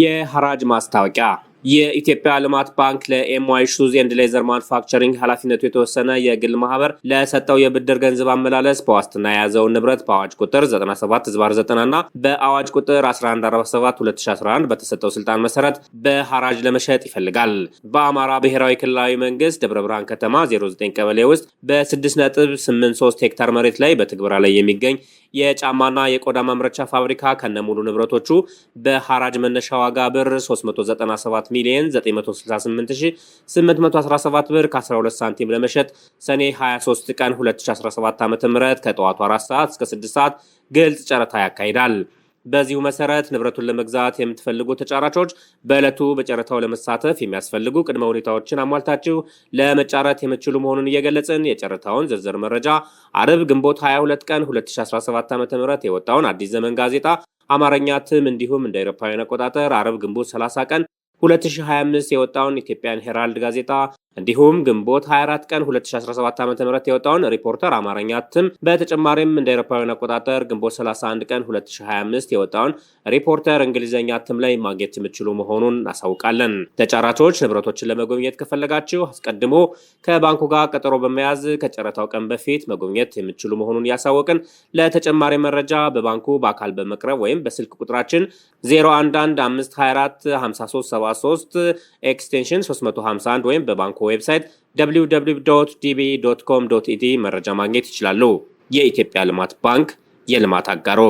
የሐራጅ ማስታወቂያ የኢትዮጵያ ልማት ባንክ ለኤምዋይ ሹዝ ኤንድ ሌዘር ማኑፋክቸሪንግ ኃላፊነቱ የተወሰነ የግል ማህበር ለሰጠው የብድር ገንዘብ አመላለስ በዋስትና የያዘውን ንብረት በአዋጅ ቁጥር 97 ዝባር 90 እና በአዋጅ ቁጥር 1147 2011 በተሰጠው ስልጣን መሰረት በሐራጅ ለመሸጥ ይፈልጋል። በአማራ ብሔራዊ ክልላዊ መንግስት ደብረ ብርሃን ከተማ 09 ቀበሌ ውስጥ በ6.83 ሄክታር መሬት ላይ በትግበራ ላይ የሚገኝ የጫማና የቆዳ ማምረቻ ፋብሪካ ከነሙሉ ንብረቶቹ በሐራጅ መነሻ ዋጋ ብር 397 ሚሊዮን 968817 ብር ከ12 ሳንቲም ለመሸጥ ሰኔ 23 ቀን 2017 ዓ ም ከጠዋቱ 4 ሰዓት እስከ 6 ሰዓት ግልጽ ጨረታ ያካሂዳል። በዚሁ መሰረት ንብረቱን ለመግዛት የምትፈልጉ ተጫራቾች በዕለቱ በጨረታው ለመሳተፍ የሚያስፈልጉ ቅድመ ሁኔታዎችን አሟልታችሁ ለመጫረት የምትችሉ መሆኑን እየገለጽን የጨረታውን ዝርዝር መረጃ አርብ ግንቦት 22 ቀን 2017 ዓ ም የወጣውን አዲስ ዘመን ጋዜጣ አማርኛ እትም እንዲሁም እንደ አውሮፓውያን አቆጣጠር አርብ ግንቦት 30 ቀን 2025 የወጣውን ኢትዮጵያን ሄራልድ ጋዜጣ እንዲሁም ግንቦት 24 ቀን 2017 ም የወጣውን ሪፖርተር አማርኛ እትም በተጨማሪም እንደ አውሮፓውያን አቆጣጠር ግንቦት 31 ቀን 2025 የወጣውን ሪፖርተር እንግሊዝኛ እትም ላይ ማግኘት የምትችሉ መሆኑን እናሳውቃለን። ተጫራቾች ንብረቶችን ለመጎብኘት ከፈለጋችሁ አስቀድሞ ከባንኩ ጋር ቀጠሮ በመያዝ ከጨረታው ቀን በፊት መጎብኘት የምትችሉ መሆኑን እያሳወቅን ለተጨማሪ መረጃ በባንኩ በአካል በመቅረብ ወይም በስልክ ቁጥራችን 0115245373 ኤክስቴንሽን 351 ወይም በባንኩ ተልእኮ ዌብሳይት www.db ኮም ኢቲ e መረጃ ማግኘት ይችላሉ። የኢትዮጵያ ልማት ባንክ የልማት አጋሮ